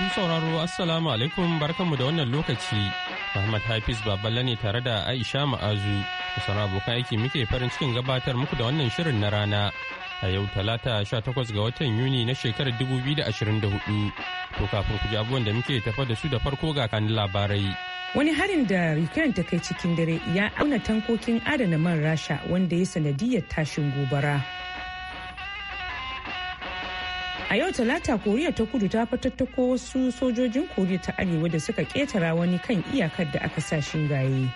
Masu sauraro Assalamu alaikum barkanmu da wannan lokaci. muhammad Hafiz Baballe ne tare da Aisha Ma'azu. sauran abokan aiki muke farin cikin gabatar muku da wannan shirin na rana. A yau talata 18 ga watan Yuni na shekarar 2024. To kafin ku ji abubuwan da muke tafa da su da farko ga kan labarai. Wani harin da Ukraine ta kai cikin dare ya auna tankokin adana man Rasha wanda ya sanadiyar tashin gobara. a yau talata koriya ta kudu ta fatattako wasu sojojin koriya ta arewa da suka ketara wani kan iyakar da aka sa shingaye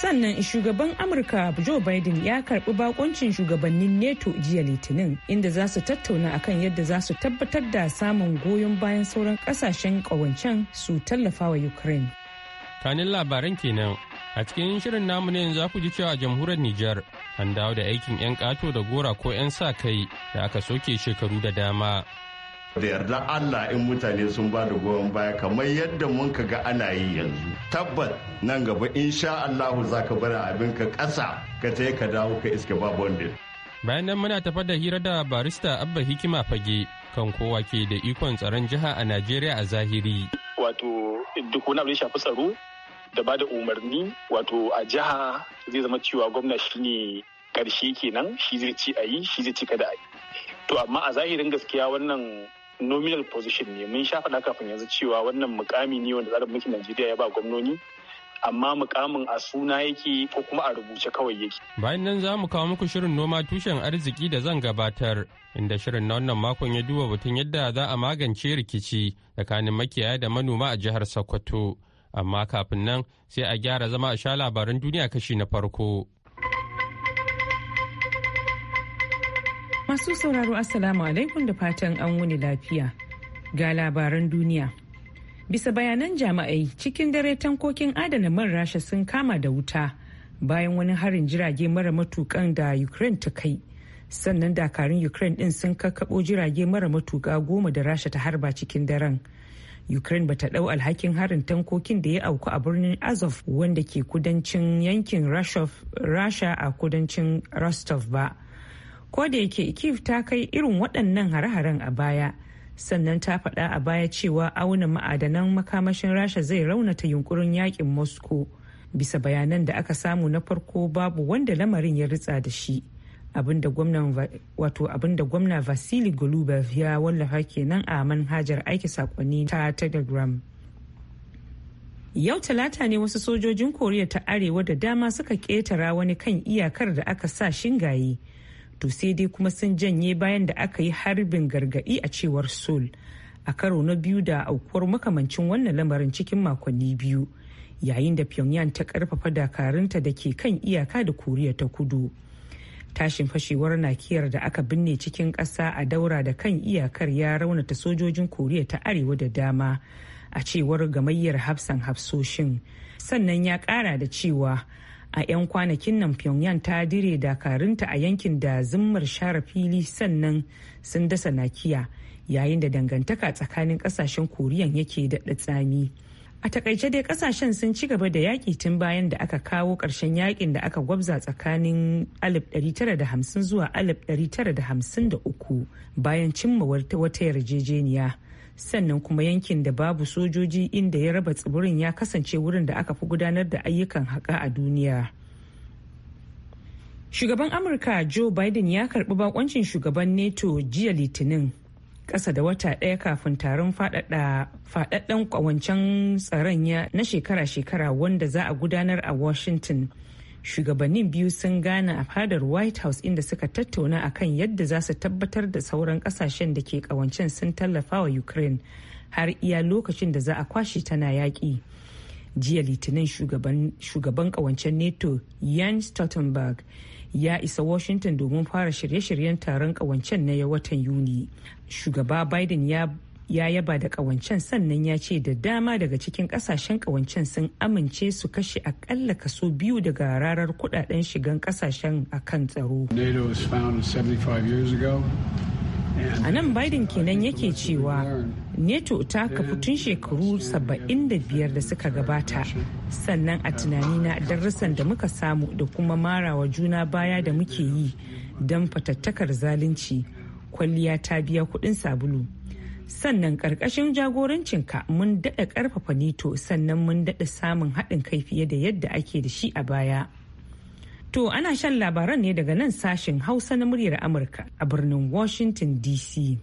sannan shugaban amurka joe biden ya karbi bakoncin shugabannin neto jiya litinin inda za su tattauna akan yadda za su tabbatar da samun goyon bayan sauran kasashen kawancen su tallafa wa ukraine kanin labaran kenan A cikin shirin namu ne za ku ji cewa jamhuriyar Nijar an dawo da aikin 'yan kato da gora ko 'yan sa kai da aka soke shekaru da dama. da yarda Allah in mutane sun ba da goyon baya kamar yadda mun ka ga ana yi yanzu tabbat nan gaba insha Allahu za ka bar abin ka ƙasa ka je ka dawo ka iske babu wanda bayan nan muna tafar da hira da barista Abba Hikima Fage kan kowa ke da ikon tsaron jiha a Najeriya a zahiri wato duk wani abu ya shafi tsaro da ba da umarni wato a jiha zai zama cewa gwamna shi ne karshe kenan shi zai ci a yi shi zai ci kada a yi to amma a zahirin gaskiya wannan nominal position ne mun sha faɗa kafin yanzu cewa wannan mukami ne wanda tsarin mulkin Najeriya ya ba gwamnoni amma mukamin a suna yake ko kuma a rubuce kawai yake. Bayan nan za mu kawo muku shirin noma tushen arziki da zan gabatar inda shirin na wannan makon ya duba batun yadda za a magance rikici tsakanin makiyaya da manoma a jihar Sokoto. amma kafin nan sai a gyara zama a sha labaran duniya kashi na farko. Masu sauraro Assalamu alaikum da fatan an wuni lafiya ga labaran duniya. Bisa bayanan jama'ai cikin dare tankokin adana man rasha sun kama da wuta bayan wani harin jirage mara matukan da Ukraine ta kai. Sannan dakarun Ukraine din sun kakkaɓo jirage mara matuka goma da rasha ta harba cikin daren. ukraine bata dau alhakin harin tankokin da ya auku a birnin azov wanda ke kudancin yankin rasha a kudancin rostov ba ko da yake kiev ta kai irin waɗannan hare-haren a baya sannan ta faɗa a baya cewa auna ma'adanan makamashin rasha zai raunata yunkurin yakin moscow bisa bayanan da aka samu na farko babu wanda lamarin ya ritsa da shi abinda gwamna vasili golubev ya wallafa kenan a manhajar aiki sakonni ta telegram yau talata ne wasu sojojin koriya ta arewa da dama suka ketara wani kan iyakar da aka sa shingaye to sai dai kuma sun janye bayan da aka yi harbin gargadi a cewar sol a karo na biyu da aukuwar makamancin wannan lamarin cikin makonni biyu yayin da pyongyang ta karfafa dakarunta da ke kan iyaka da koriya ta kudu tashin fashewar nakiyar da aka binne cikin ƙasa a daura da kan iyakar ya raunata sojojin koriya ta arewa da dama a cewar gamayyar hafsan hafsoshin sannan ya ƙara da cewa a 'yan kwanakin nan pyongyang ta dire dakarunta a yankin da zimmar share fili sannan sun dasa nakiya yayin da dangantaka tsakanin kasashen koriyan yake daɗa tsami. A takaice dai kasashen sun ci gaba da yaƙi tun bayan da aka kawo ƙarshen yaƙin da aka gwabza tsakanin 1950 zuwa 1953 bayan cimma wata yarjejeniya. Sannan kuma yankin da babu sojoji inda ya raba tsibirin ya kasance wurin da aka fi gudanar da ayyukan haƙa a duniya. Shugaban Amurka Joe Biden ya karɓi bakoncin shugaban NATO jiya Litinin. kasa da wata ɗaya kafin taron faɗaɗɗen ƙawancen tsaron ya na shekara-shekara wanda za a gudanar a washington shugabannin biyu sun gane a fadar white house inda suka tattauna akan yadda za su tabbatar da sauran kasashen da ke ƙawancen sun tallafa wa ukraine har iya lokacin da za a kwashe tana yaƙi. jiya litinin shugaban kawancen neto yan stoltenberg ya isa washington domin fara shirye-shiryen taron kawancen na ya watan yuni shugaba biden ya ya yaba da kawancen sannan ya ce da dama daga cikin kasashen kawancen sun amince su kashe akalla kaso biyu daga rarar kudaden shigan kasashen akan tsaro. NATO was founded 75 years ago. a nan biden kenan yake cewa neto ta kafu tun shekaru 75 da suka gabata sannan a tunanina darussan da muka samu da kuma marawa juna baya da muke yi don fatattakar zalunci kwalliya ta biya kudin sabulu sannan karkashin jagorancinka mun daɗa ƙarfafa neto sannan mun daɗa samun haɗin kai fiye da yadda ake da shi a baya. To ana shan labaran ne daga nan sashen Hausa na muryar Amurka a birnin Washington DC.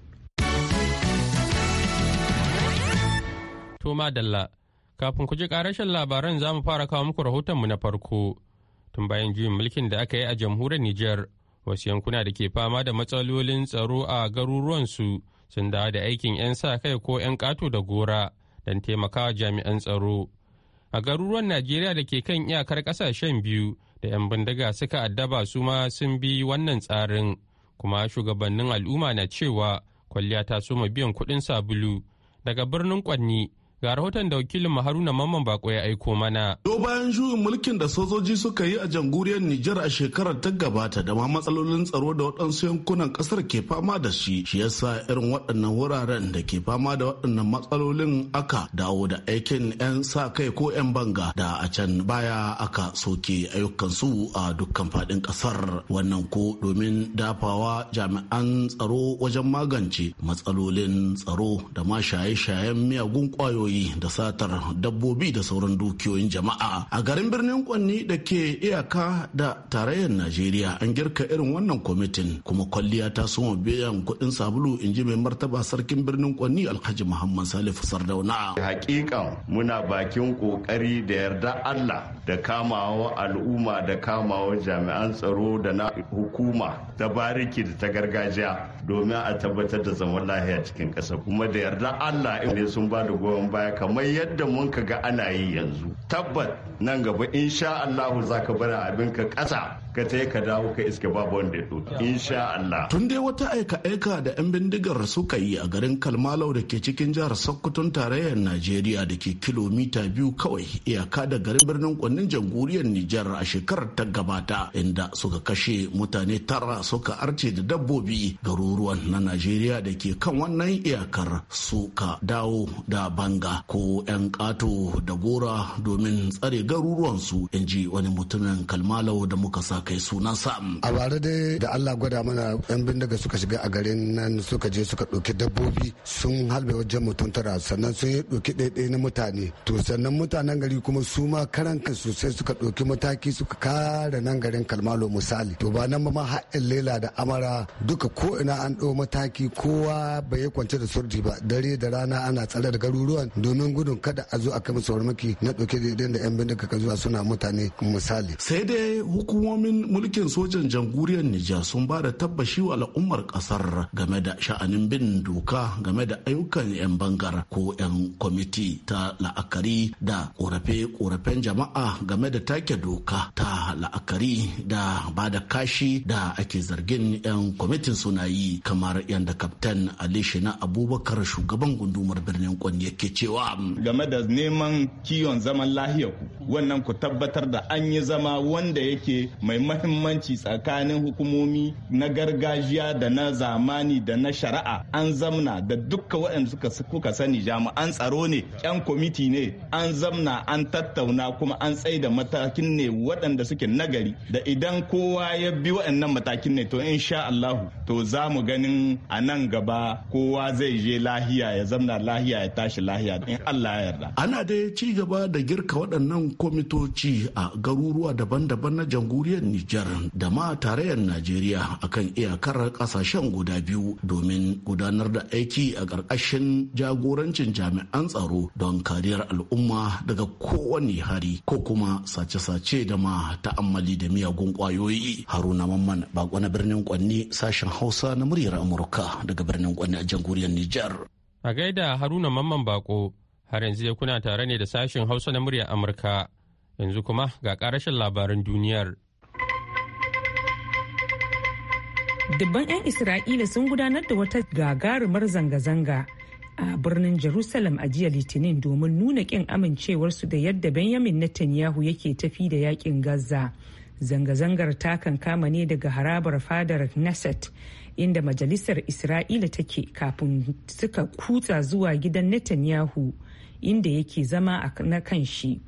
To madalla, kafin ku ji karashin labaran za mu fara kawo muku mu na farko. Tun bayan juyin mulkin da aka yi a jamhuriyar Nijar, wasu yankuna da ke fama da matsalolin tsaro a garuruwansu sun dawo da aikin 'yan sa kai ko 'yan ƙato da gora don taimakawa jami'an tsaro. A garuruwan Najeriya da ke kan iyakar ƙasashen biyu, da 'yan bindiga suka addaba su ma sun bi wannan tsarin kuma shugabannin al'umma na cewa kwalliya ta soma biyan kuɗin sabulu daga birnin kwanni Ga rahoton da wakilin Haruna Mamman Bako ya aiko mana. Do bayan juyin mulkin da sojoji suka yi a jamhuriyar Nijar a shekarar ta gabata da ma matsalolin tsaro da waɗansu yankunan ƙasar ke fama da shi. Shi yasa irin waɗannan wuraren da ke fama da waɗannan matsalolin aka dawo da aikin 'yan sa kai ko 'yan banga da a can baya aka soke ayyukansu a dukkan faɗin ƙasar. Wannan ko domin dafawa jami'an tsaro wajen magance matsalolin tsaro da ma shaye-shayen miyagun ƙwayoyi ƙauye da satar dabbobi da sauran dukiyoyin jama'a a garin birnin kwanni da ke iyaka da tarayyar najeriya an girka irin wannan kwamitin kuma kwalliya ta soma biyan kuɗin sabulu in ji mai martaba sarkin birnin kwanni alhaji muhammad salifu sardauna hakika muna bakin kokari da yarda allah da kamawa al'umma da kamawa jami'an tsaro da na hukuma ta bariki da ta gargajiya domin a tabbatar da zaman lahiya cikin ƙasa kuma da yarda allah ne sun ba da goyon baya baya kamar yadda mun ga ana yi yanzu tabbat nan gaba insha Allahu za ka bar abin ka ƙasa ka ta ka dawo ka iske babu wanda ya ɗauki insha Allah. Tun dai wata aika-aika da 'yan bindigar suka yi a garin Kalmalau da ke cikin jihar Sokoton tarayyar Najeriya da ke kilomita biyu kawai iyaka da garin birnin kwannin jamhuriyar Nijar a shekarar ta gabata inda suka kashe mutane tara suka arce da dabbobi garuruwan na Najeriya da ke kan wannan iyakar suka dawo da banga ko 'yan ƙato da gora domin tsare garuruwansu in ji wani mutumin Kalmalau da muka sa kai sunan sam. A bara dai da Allah gwada mana yan bindiga suka shiga a garin nan suka je suka ɗauki dabbobi sun halbe wajen mutum tara sannan sun yi ɗauki ɗaiɗai na mutane. To sannan mutanen gari kuma su ma karan kansu sai suka ɗauki mataki suka kare nan garin Kalmalo misali. To ba nan ma haɗin lela da amara duka ko ina an ɗau mataki kowa bai kwance da surdi ba dare da rana ana tsare da garuruwan domin gudun kada a zo a kai musu na ɗauke da yan bindiga ka zuwa suna mutane misali. Sai dai hukumomin hukumomin mulkin sojan jamhuriyar nija sun ba da tabbashi wa al'ummar kasar game da sha'anin bin doka game da ayyukan 'yan bangar ko 'yan kwamiti ta la'akari da korafe-korafen jama'a game da take doka ta la'akari da ba da kashi da ake zargin 'yan kwamitin suna yi kamar yadda kaftan Ali na Abubakar shugaban gundumar birnin kwan yake cewa. Game da neman kiwon zaman lahiyar wannan ku tabbatar da an yi zama wanda yake mai mahimmanci tsakanin hukumomi na gargajiya da na zamani da na shari'a an zamna da dukka waɗanda suka kuka sani jami'an tsaro ne yan kwamiti ne an zamna an tattauna kuma an da matakin ne waɗanda suke nagari da idan kowa ya bi waɗannan matakin ne to insha Allahu to za mu ganin a nan gaba kowa zai je lahiya ya zamna lahiya ya tashi lahiya in Allah ya yarda ana dai ci gaba da girka waɗannan kwamitoci a garuruwa daban-daban na jamhuriyar Nijar da ma tarayyar Najeriya kan iyakar kasashen guda biyu domin gudanar da aiki a ƙarƙashin jagorancin jami'an tsaro don kariyar al'umma daga kowane hari ko kuma sace-sace da ma ta'ammali da miyagun ƙwayoyi. Haruna Mamman bako na birnin Kwanni sashen Hausa na muryar Amurka daga birnin Kwanni a jamhuriyar Nijar. A gaida Haruna Mamman Bako har yanzu ya kuna tare ne da sashen Hausa na muryar Amurka. Yanzu kuma ga ƙarashin labaran duniyar. dubban 'yan isra'ila sun gudanar da wata gagarumar zanga-zanga a birnin jerusalem a jiya litinin domin nuna kin amincewarsu da yadda benjamin netanyahu yake tafi da yakin gaza zanga-zangar ta kankama ne daga harabar fadar knesset inda majalisar isra'ila take kafin suka kutsa zuwa gidan netanyahu inda yake zama na kan shi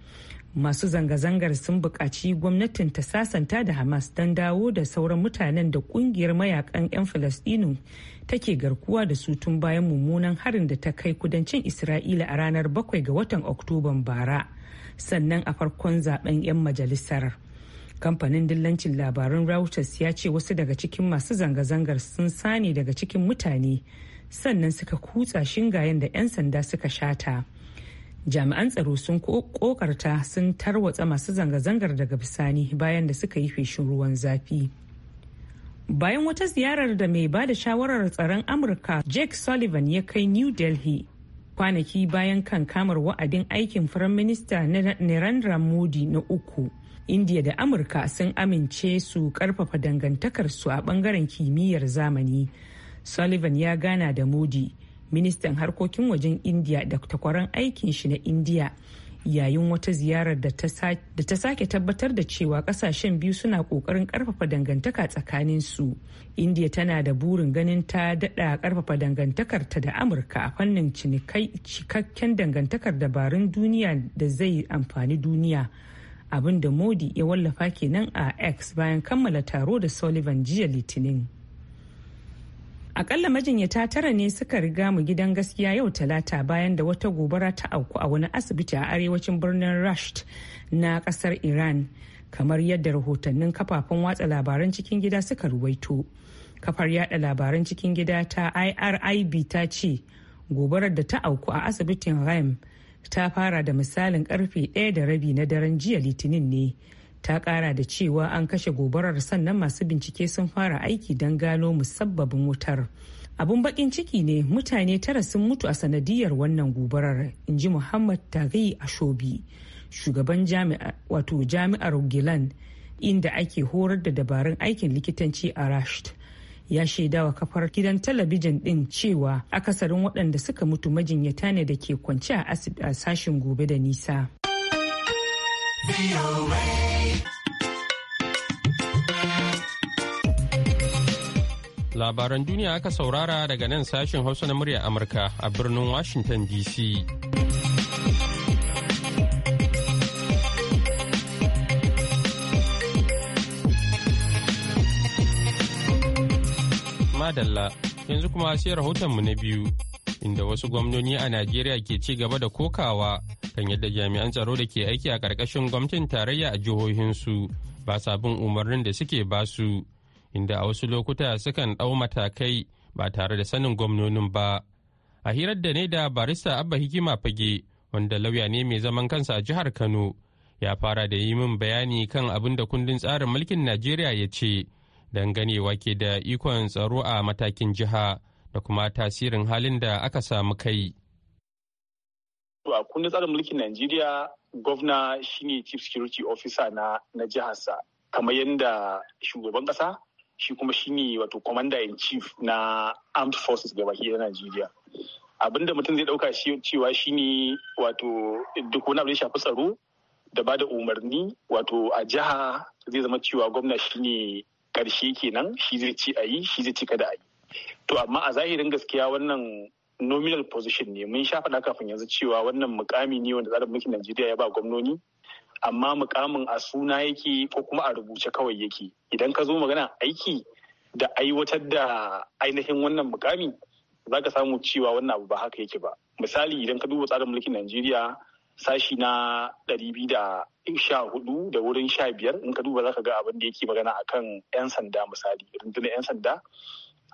masu zanga-zangar sun buƙaci gwamnatin ta sasanta da hamas don dawo da sauran mutanen da ƙungiyar mayakan 'yan falastinu take garkuwa da su tun bayan mummunan harin da ta kai kudancin isra'ila a ranar 7 ga watan oktoban bara sannan a farkon zaben 'yan majalisar kamfanin dillancin labarun reuters ya ce wasu daga cikin masu zanga-zangar sun sani daga cikin mutane sannan suka kutsa shingayen da 'yan sanda suka shata. jami'an tsaro sun kokarta sun tarwatsa masu zanga-zangar daga bisani bayan da suka yi feshin ruwan zafi bayan wata ziyarar da mai ba da shawarar tsaron amurka jake sullivan ya kai new delhi kwanaki bayan kan kamar wa'adin aikin firaminista narendra modi na uku indiya da amurka sun amince su karfafa dangantakarsu a bangaren kimiyyar zamani sullivan ya gana da modi ministan harkokin wajen indiya da takwaran aikin shi na indiya yayin wata ziyarar da ta sake tabbatar da cewa kasashen biyu suna kokarin karfafa dangantaka tsakanin su indiya tana da burin ganin ta dada karfafa dangantakarta da amurka a fannin cikakken dangantakar dabarun duniya da zai amfani duniya abin da modi ya wallafa kenan a x bayan kammala taro da sullivan jiya litinin Akalla majinyata tara ne suka riga mu gidan gaskiya yau talata bayan da wata gobara ta auku a wani asibiti a arewacin birnin Rasht na kasar Iran, kamar yadda rahotannin kafafen watsa labaran cikin gida suka ruwaito. Kafar yada labaran cikin gida ta IRIB ta ce gobarar da ta auku a asibitin Rem ta fara da misalin karfe ɗaya da rabi na daren jiya litinin ne. ta kara da cewa an kashe gobarar sannan masu bincike sun fara aiki don gano musabbabin wutar abun bakin ciki ne mutane tara sun mutu a sanadiyar wannan gobarar in ji muhammad taghi ashobi shugaban wato jami'ar gilan inda ake horar da dabarun aikin likitanci a rasht ya shaidawa kafar gidan talabijin din cewa akasarin waɗanda suka mutu majinyata ne da ke kwance a sashen gobe da nisa Labaran duniya aka saurara daga nan sashen Hausa na murya Amurka a birnin Washington DC. Madalla, yanzu kuma sai rahotonmu na biyu. inda wasu gwamnoni a Najeriya ke ci gaba da kokawa kan yadda jami'an tsaro da ke aiki a ƙarƙashin gwamnatin tarayya a jihohinsu ba sa bin umarnin da suke ba su inda a wasu lokuta sukan ɗau matakai ba tare da sanin gwamnonin ba. A hirar da ne da barista Abba Hikima Fage wanda lauya ne mai zaman kansa a jihar Kano ya fara da yi min bayani kan abin da kundin tsarin mulkin Najeriya ya ce danganewa ke da ikon tsaro a matakin jiha. da kuma tasirin halin da aka samu kai. A kundin tsarin mulkin Najeriya, gwamna shine chief security officer na, na jiharsa, kamar yadda shugaban ƙasa shi kuma shine wato commander in chief na armed forces gabaki na Najeriya. Abinda mutum zai ɗauka cewa shine wato duk wani abu da shafi tsaro da ba da umarni wato a jiha zai zama cewa gwamna shine karshe kenan shi zai ci a yi shi zai ci kada a yi to amma a zahirin gaskiya wannan nominal position ne mun sha faɗa kafin yanzu cewa wannan mukami ne wanda tsarin mulkin Najeriya ya ba gwamnoni amma mukamin a suna yake ko kuma a rubuce kawai yake idan ka zo magana aiki da aiwatar da ainihin wannan mukami za ka samu cewa wannan abu ba haka yake ba misali idan ka duba tsarin mulkin Najeriya sashi na ɗari biyu da sha hudu da wurin sha biyar in ka duba za ka ga abin da yake magana akan 'yan sanda misali rundunar 'yan sanda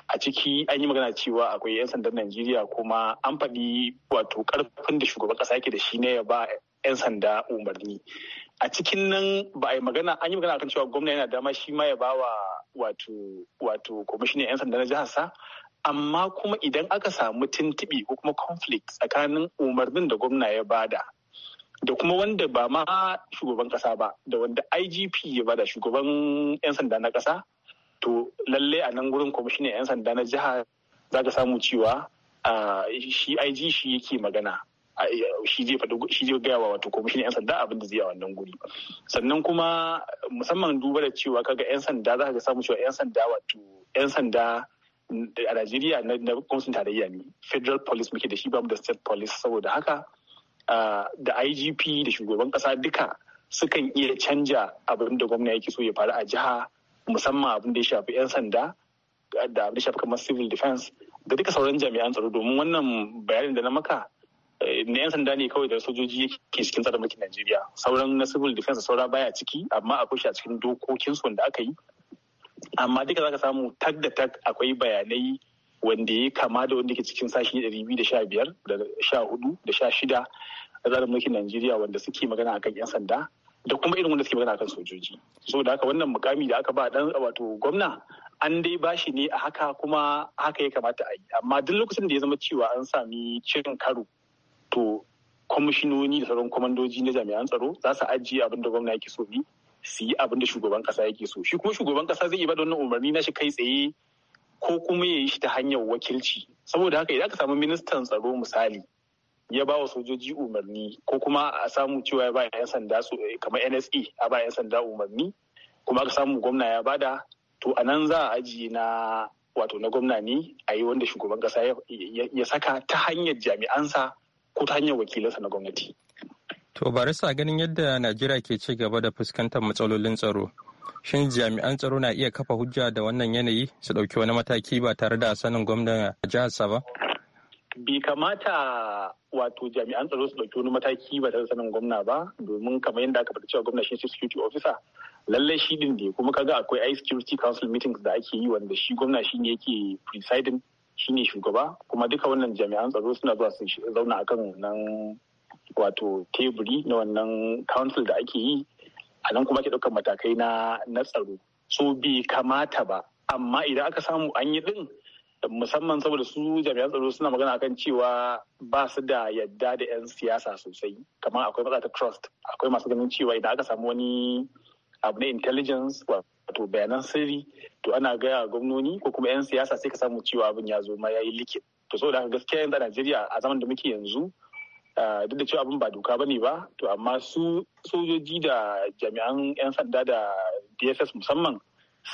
a ciki an yi magana cewa akwai 'yan sandan najeriya kuma an faɗi wato ƙarfin da shugaban ƙasa yake da shi ne ya ba 'yan sanda umarni a cikin nan ba a yi magana an yi magana akan cewa gwamna yana dama shi ma ya ba wa wato wato kwamishinan 'yan sanda na jihar sa amma kuma idan aka samu tuntuɓi ko kuma conflict tsakanin umarnin da gwamna ya bada da kuma wanda ba ma shugaban kasa ba da wanda igp ya bada shugaban 'yan sanda na kasa to lalle a nan gurin kwamishinan 'yan sanda na jiha za ka samu cewa shi IG shi yake magana shi zai gaya wa wato kwamishinan 'yan sanda abin da zai a wannan guri sannan kuma musamman duba da cewa kaga 'yan sanda za ka samu cewa 'yan sanda wato 'yan sanda a Najeriya na gwamnatin tarayya ne federal police muke da shi ba mu da state police saboda haka da IGP da shugaban kasa duka sukan iya canja abin da gwamna yake so ya faru a jiha musamman abin da ya shafi 'yan sanda da abin da ya shafi kamar civil defense da duka sauran jami'an tsaro domin wannan bayanin da na maka eh, na 'yan sanda ne kawai da sojoji ke cikin tsarin mulkin Najeriya sauran na civil defense saura baya ciki amma akwai shi a cikin dokokin su wanda aka yi amma duka zaka samu tag da tag akwai bayanai wanda ya kama da wanda ke cikin sashi 215 da 14 da 16 a tsarin mulkin Najeriya wanda suke magana akan 'yan sanda da kuma irin wanda suke magana kan sojoji so da haka wannan mukami da aka ba dan wato gwamna an dai bashi ne a haka kuma haka ya kamata a yi amma duk lokacin da ya zama cewa an sami cin karo to kwamishinoni da sauran kwamandoji na jami'an tsaro za su ajiye abin da gwamna yake so ne su yi abin da shugaban kasa yake so shi kuma shugaban kasa zai iya da wannan umarni na shi kai tsaye ko kuma ya yi shi ta hanyar wakilci saboda haka idan aka samu ministan tsaro misali ya ba wa sojoji umarni ko kuma a samu cewa ya ba 'yan sanda eh, kamar NSE a ba 'yan sanda umarni kuma aka samu gwamna ya bada to a nan za a ajiye na wato na gwamna ne a yi wanda shugaban kasa ya saka ta hanyar jami'ansa ko ta hanyar wakilansa na gwamnati. To barisa ganin yadda Najeriya ke ci gaba da fuskantar matsalolin tsaro. Shin jami'an tsaro na iya kafa hujja da wannan yanayi su ɗauki wani mataki ba tare da sanin jihar sa ba? Bai kamata wato jami'an tsaro su ɗauki wani mataki ba da sanin gwamna ba domin kamar yadda aka faɗi cewa gwamna shi security officer lallai shi din ne kuma kaga akwai ice security council meetings da ake yi wanda shi gwamna shi ne yake presiding shi ne shugaba kuma duka wannan jami'an tsaro suna zuwa su zauna akan wannan wato teburi na wannan council da ake yi a nan kuma ke ɗaukar matakai na tsaro so bi kamata ba amma idan aka samu an yi ɗin musamman saboda su jami'an tsaro suna magana akan cewa ba su da yadda da 'yan siyasa sosai kamar akwai matsa ta trust akwai masu ganin cewa idan aka samu wani abu na intelligence wato bayanan sirri to ana gaya gwamnoni ko kuma 'yan siyasa sai ka samu cewa abin ya zo ma ya yi likit to saboda haka gaskiya yanzu a najeriya a zaman da muke yanzu duk da cewa abin ba doka ne ba to amma su sojoji da jami'an 'yan sanda da dss musamman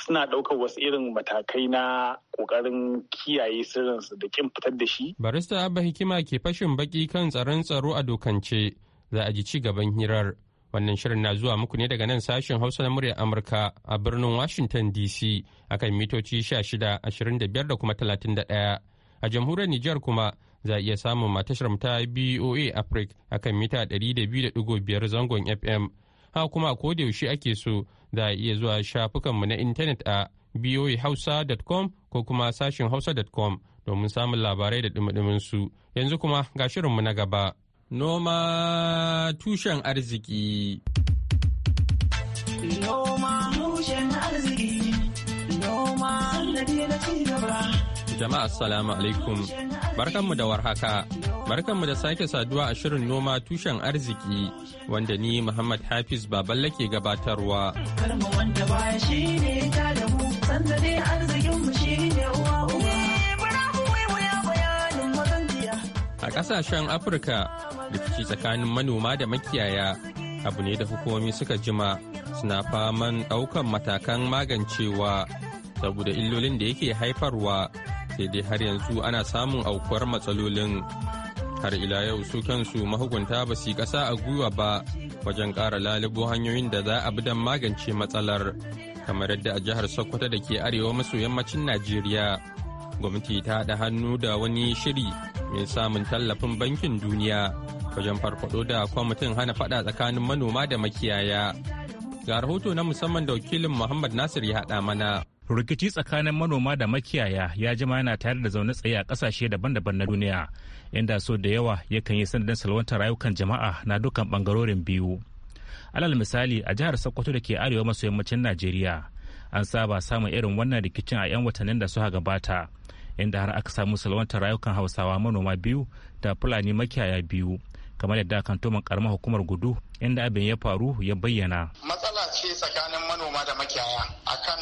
suna ɗaukar wasu irin matakai na ƙoƙarin kiyaye sirrinsu da kin fitar da shi. Barista Abba Hikima ke fashin baki kan tsaron tsaro a dokance za a ji ci gaban hirar. Wannan shirin na zuwa muku ne daga nan sashen Hausa na muryar Amurka a birnin Washington DC akan mitoci 16, 25 da kuma 31. A jamhuriyar Nijar kuma za a iya samun matashar ta BOA Africa akan mita biyar zangon FM. ha kuma ko da yaushe ake so za a iya zuwa shafukanmu na intanet a boihausa.com ko kuma sashin hausa.com domin samun labarai da dumudumin su yanzu kuma ga shirinmu na gaba noma tushen arziki noma tushen arziki noma na ci gaba Jama'a assalamu alaikum. Barkanmu da warhaka. Barkanmu da sake saduwa a shirin noma tushen arziki wanda ni Muhammad Hafiz Baballe ke gabatarwa. wanda baya da A ƙasashen Afirka, rikici tsakanin manoma da makiyaya abu ne da hukumomi suka jima suna faman ɗaukan matakan magancewa saboda illolin da yake haifarwa sai dai har yanzu ana samun aukuwar matsalolin har ila yau su kansu mahukunta ba su ƙasa a gwiwa ba wajen ƙara lalubo hanyoyin da za a bi don magance matsalar kamar yadda a jihar sokoto da ke arewa maso yammacin najeriya gwamnati ta haɗa hannu da wani shiri mai samun tallafin bankin duniya wajen farfado da kwamitin hana fada tsakanin manoma da makiyaya ga rahoto na musamman da wakilin muhammad nasir ya haɗa mana rikici tsakanin manoma da makiyaya ya jima yana tare da zaune tsaye a kasashe daban-daban na duniya inda so da yawa yakan yi sanadin salwantar rayukan jama'a na dukkan bangarorin biyu alal misali a jihar sokoto da ke arewa maso yammacin najeriya an saba samun irin wannan rikicin a 'yan watannin da suka gabata inda har aka samu salwantar rayukan hausawa manoma biyu da fulani makiyaya biyu kamar yadda kan toman karamar hukumar gudu inda abin ya faru ya bayyana makiyaya akan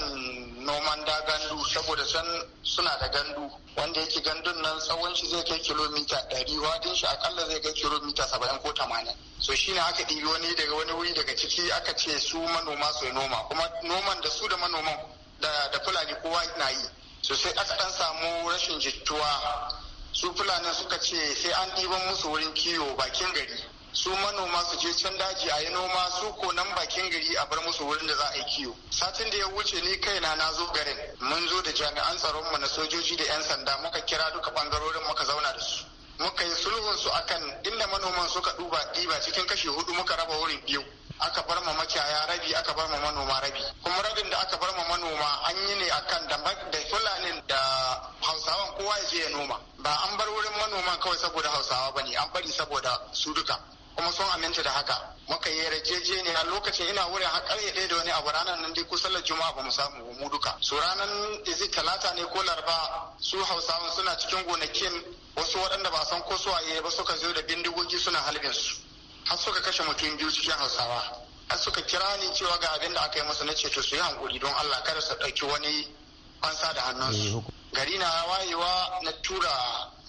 noman da gandu saboda san suna da gandu wanda yake gandun nan tsawon shi zai kai kilomita ɗari wadin shi akalla zai kai kilomita saba'in ko tamanin so shi ne aka ɗibi wani daga wani wuri daga ciki aka ce su manoma su noma kuma noman da su da manoman da fulani kowa na yi so sai aka ɗan samu rashin jituwa su fulani suka ce sai an ɗiban musu wurin kiwo bakin gari su manoma su je can daji a yi noma su ko nan bakin gari a bar musu wurin da za a yi kiwo satin da ya wuce ni kaina na zo garin mun zo da jami'an tsaron mu na sojoji da 'yan sanda muka kira duka bangarorin muka zauna da su muka yi sulhun su akan inda manoman suka duba ɗiba cikin kashi hudu muka raba wurin biyu aka bar ma makiyaya rabi aka bar ma manoma rabi kuma rabin da aka bar ma manoma an yi ne akan da fulanin da hausawan kowa ya je ya noma ba an bar wurin manoman kawai saboda hausawa ba ne an bari saboda su duka kuma sun aminta da haka muka yi yarjejeniya lokacin ina wurin har karye ɗaya da wani abu ranar nan dai kusan juma'a ba mu samu mu duka su ranar izi talata ne ko laraba su hausawan suna cikin gonakin wasu waɗanda ba san ko suwaye ba suka zo da bindigogi suna halbin su har suka kashe mutum biyu cikin hausawa har suka kira ni cewa ga abin da aka yi musu na ce to su yi hankuri don allah kada su ɗauki wani fansa da hannunsu eh, gari na wayewa na tura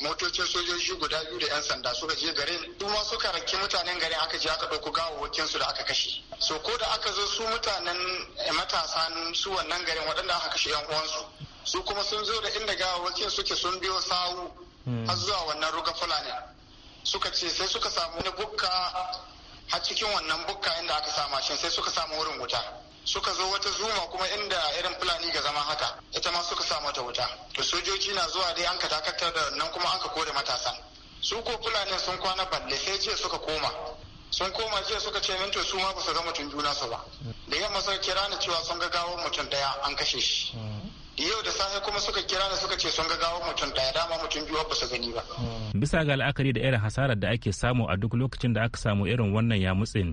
motocin sojoji guda biyu da 'yan sanda suka je garin kuma suka rake mutanen garin aka je aka ɗauko gawawakin su da aka kashe so ko da aka zo su mutanen eh, matasa su wannan garin waɗanda aka kashe 'yan uwansu su kuma sun zo da inda gawawakin suke sun biyo sawu hmm. har zuwa wannan ruga fulani suka ce sai suka samu wani bukka har cikin wannan bukka inda aka sa mashin sai suka samu wurin wuta suka zo wata zuma kuma inda irin fulani ga zama haka ita ma suka sa mata wuta to sojoji na zuwa dai an ka dakatar da nan kuma an ka kore matasan su ko fulani sun kwana balle sai jiya suka koma sun koma jiya suka ce to su ma ba su ga mutum juna su ba da yamma suka kira ni cewa sun ga gawon mutum daya an kashe shi yau da safe kuma suka kira ni suka ce sun ga gawar mutum daya dama mutum biyu ba su gani ba bisa ga la'akari da irin hasarar da ake samu a duk lokacin da aka samu irin wannan yamutsin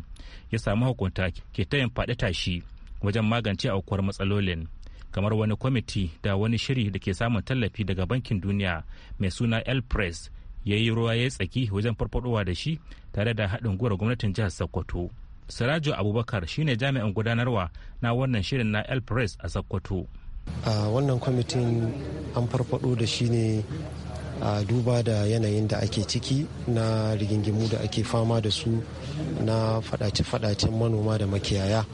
ya samu hukunta ke yin faɗi tashi wajen magance aukuwar matsalolin kamar wani kwamiti da wani shiri da ke samun tallafi daga bankin duniya mai suna el press ya yi ruwa ya tsaki wajen farfadowa da shi tare da haɗin gwiwar gwamnatin jihar sokoto sirajo abubakar shine jami'in gudanarwa na wannan shirin na el press a sokoto a wannan kwamitin an farfado da shi ne a duba da yanayin da ake ciki na rigingimu da ake fama da su na fadace-fadacen manoma da makiyaya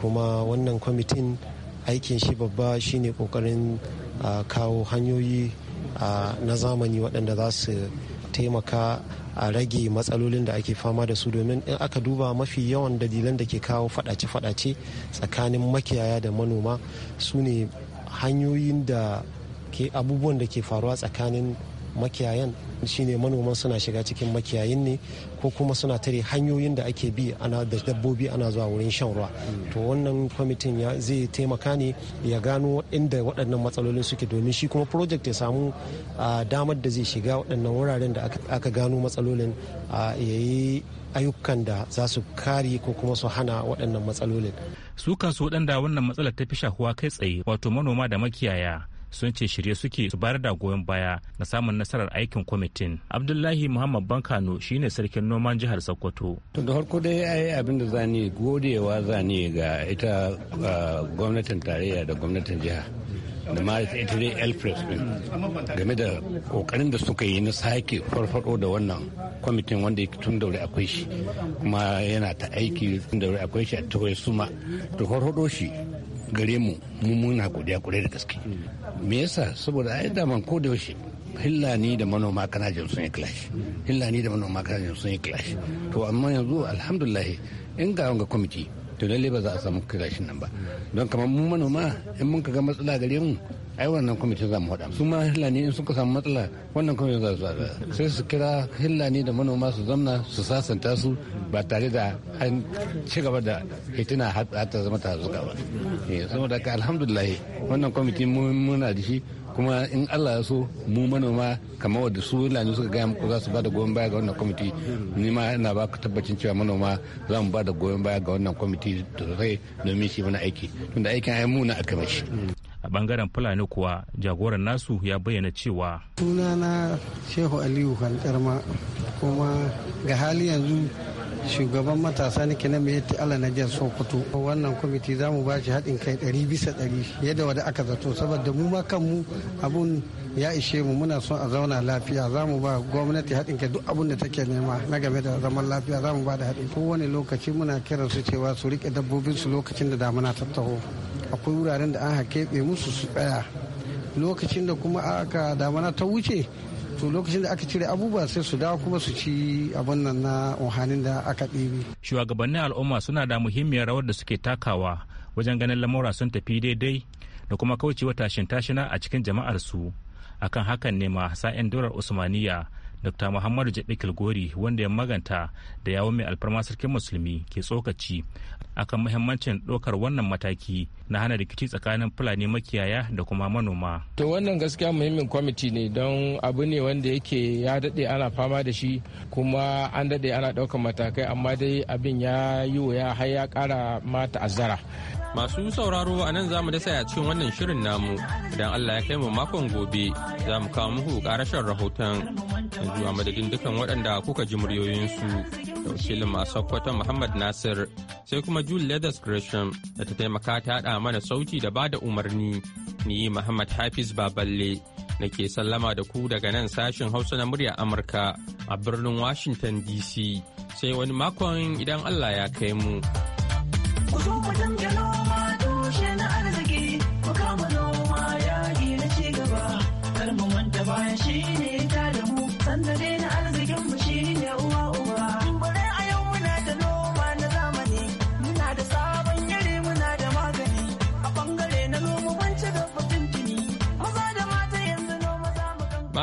kuma wannan kwamitin aikin shi babba shine kokarin kawo hanyoyi na zamani waɗanda za su taimaka a rage matsalolin da ake fama da su domin in aka duba mafi yawan dalilan da ke kawo fadace-fadace tsakanin makiyaya da manoma su ne hanyoyin da ke abubuwan da ke faruwa tsakanin makiyayan shine manoman suna shiga cikin makiyayin ne ko kuma suna tare hanyoyin da ake bi ana da dabbobi ana zuwa wurin shan ruwa to wannan kwamitin zai taimaka ne ya gano inda waɗannan matsalolin suke domin shi kuma project ya samu damar da zai shiga waɗannan wuraren da aka gano matsalolin ya yi ayyukan da za su kare ko kuma su hana waɗannan matsalolin su kansu waɗanda wannan matsalar ta fi shahuwa kai tsaye wato manoma da makiyaya sun ce shirye suke su bayar da goyon baya na samun nasarar aikin kwamitin abdullahi muhammad bankano shine sarkin noman jihar sokoto to da farko dai ai abin da zani godewa zani ga ita ah, gwamnatin tarayya da gwamnatin jiha da ma ita dai elpress din game da kokarin da suka yi na sake farfado da wannan kwamitin wanda tun daure akwai shi kuma yana ta aiki tun daure akwai shi a turai suma to farfado shi gare mu mu muna godiya kurai da gaske me yasa saboda ai daman ko da yaushe hillani da manoma kana jin sun yi clash hillani da manoma kana jin sun yi clash to amma yanzu alhamdulillah in ga wanga kwamiti to lalle ba za a samu kirashin nan ba don kamar mu manoma in mun ka ga matsala gare mu ai wannan kwamitin za mu haɗa su ma hillani in suka samu matsala wannan kwamitin za su haɗa sai su kira hillani da manoma su zamna su sasanta su ba tare da an ci gaba da hitina har ta zama ta zuka ba eh, saboda ka alhamdulillah wannan kwamitin muna da shi kuma in allah ya so mu manoma kamar wadda su lani suka gaya muku za su ba da goyon baya ga wannan kwamiti ni ma ina ba ka tabbacin cewa manoma za mu ba da goyon baya ga wannan kwamiti sosai domin shi mana aiki tunda aikin ai muna aka mashi a bangaren fulani kuwa jagoran nasu ya bayyana cewa sunana shehu aliyu kankarma kuma ga hali yanzu shugaban matasa nake na mai yatti ala na jihar sokoto wannan kwamiti za mu bashi shi haɗin kai ɗari bisa ɗari yadda wada aka zato saboda mu ma kanmu abun ya ishe mu muna son a zauna lafiya za mu ba gwamnati haɗin kai duk abun da take nema na game da zaman lafiya za mu ba da haɗin wani lokaci muna kiran su cewa su riƙe su lokacin da damuna ta taho akwai wuraren da an keɓe musu su tsaya lokacin da kuma aka damana ta wuce to lokacin da aka cire abubuwa sai su dawo kuma su ci abin nan na ohanin da aka ɗebe. shugabannin al'umma suna da muhimmiyar rawar da suke takawa wajen ganin lamura sun tafi daidai da kuma kaucewa tashin tashina a cikin jama'ar su akan hakan ne ma yan daular usmaniya dr muhammadu jabi kilgori wanda ya maganta da yawon mai alfarma sarkin musulmi ke tsokaci akan muhimmancin ɗaukar wannan mataki na hana rikici tsakanin fulani makiyaya da kuma manoma. To wannan gaskiya muhimmin kwamiti ne don abu ne wanda yake ya daɗe ana fama da shi kuma an daɗe ana ɗaukar matakai amma dai abin ya yi wuya har ya ƙara ma ta'azzara. Masu sauraro a nan zamu dasa a cikin wannan shirin namu idan Allah ya kai mu makon gobe za mu kawo muku ƙarashen rahoton yanzu a madadin dukan waɗanda kuka ji muryoyinsu da wakilin masu Sokoto Muhammad Nasir sai kuma Jul Leathers Gresham da ta taimaka ta haɗa mana sauti da bada umarni. Ni Muhammad Hafiz Baballe na ke sallama da ku daga nan sashin Hausa na murya Amurka a birnin Washington DC. Sai wani makon idan Allah ya kai mu. mu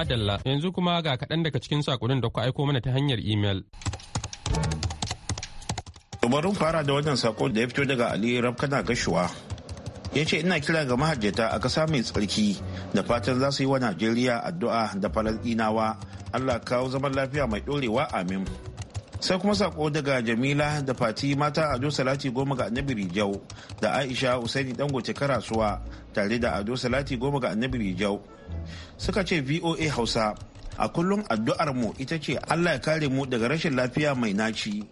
Adalla yanzu kuma ga kaɗan daga cikin sakonin da ku aiko mana ta hanyar imel. Dubarun fara da wannan sako da ya fito daga Ali Rabkana Gashuwa. Ya ce ina kira ga mahajjata a ƙasa mai tsarki da fatan za su yi wa Najeriya addu'a da Falasɗinawa Allah kawo zaman lafiya mai ɗorewa amin. sai kuma sako daga jamila da fati mata ado salati goma ga annabi rijau da aisha usaini dangote karasuwa tare da ado salati goma ga annabi rijau suka ce voa hausa a kullum mu ita ce allah ya kare mu daga rashin lafiya mai naci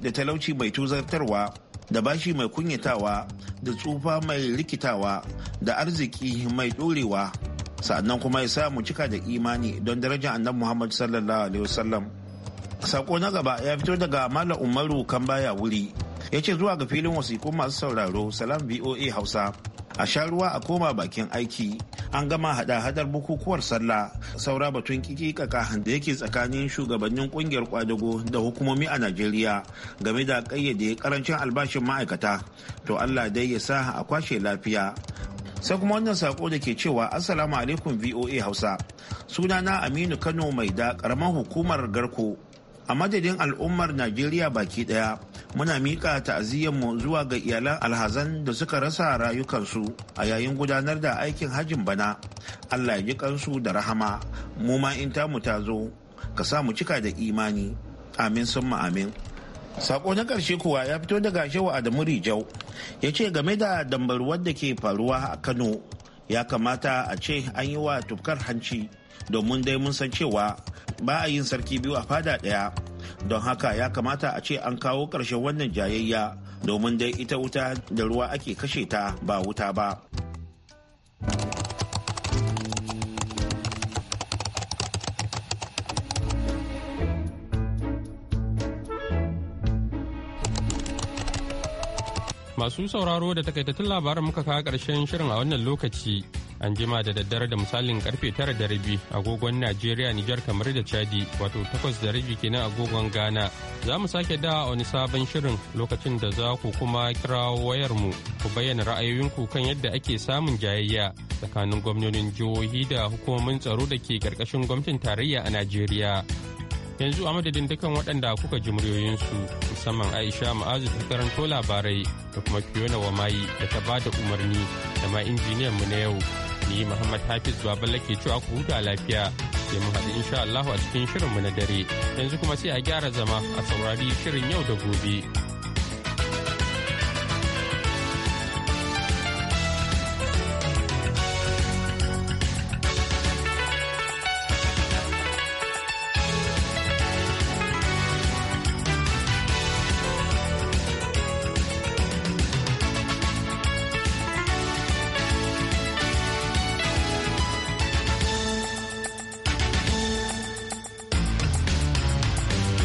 da talauci mai tuzartarwa da bashi mai kunyatawa da tsufa mai rikitawa da arziki mai ɗorewa sa'annan kuma ya sa mu cika da imani don darajar annabi muhammad sallallahu alaihi wasallam sako na gaba ya fito daga malam umaru kan baya wuri ya ce zuwa ga filin wasikun masu sauraro salam voa hausa a sha ruwa a koma bakin aiki an gama hada-hadar bukukuwar sallah saura batun kikikaka da yake tsakanin shugabannin kungiyar kwadago da hukumomi a najeriya game da kayyade karancin albashin ma'aikata to allah dai ya sa a kwashe lafiya sai kuma wannan sako da ke cewa assalamu alaikum voa hausa sunana aminu kano mai da karamar hukumar garko a madadin al'ummar najeriya baki daya muna miƙa mu zuwa ga iyalan alhazan da suka rasa rayukansu a yayin gudanar da aikin hajjin bana allah ya kansu da rahama mu ma in tamu ta zo ka sa mu cika da imani amin summa amin sako na ƙarshe kuwa ya fito daga shewa adamu rijau ya ce game da dambarwar da ke faruwa a kano ya kamata a ce an yi wa tufkar hanci domin dai mun san cewa ba a yin sarki biyu a fada ɗaya don haka ya kamata a ce an kawo ƙarshen wannan jayayya domin dai ita wuta da ruwa ake kashe ta ba wuta ba masu sauraro da takaitattun labaran muka kawo ƙarshen shirin a wannan lokaci an jima da daddare da misalin karfe tara da rabi agogon najeriya nijar kamar da chadi wato takwas da rabi kenan agogon ghana za mu sake da wani sabon shirin lokacin da za ku kuma kira wayarmu ku bayyana ra'ayoyinku kan yadda ake samun jayayya tsakanin gwamnonin jihohi da hukumomin tsaro da ke karkashin gwamnatin tarayya a najeriya yanzu a madadin dukan waɗanda kuka ji muryoyinsu musamman aisha ma'azu ta karanto labarai da kuma fiona wa mayi da ta ba da umarni da ma injiniyan mu na yau ni muhammad hafiz babal ke cewa ku huta lafiya sai mu haɗu insha a cikin shirin mu na dare yanzu kuma sai a gyara zama a saurari shirin yau da gobe.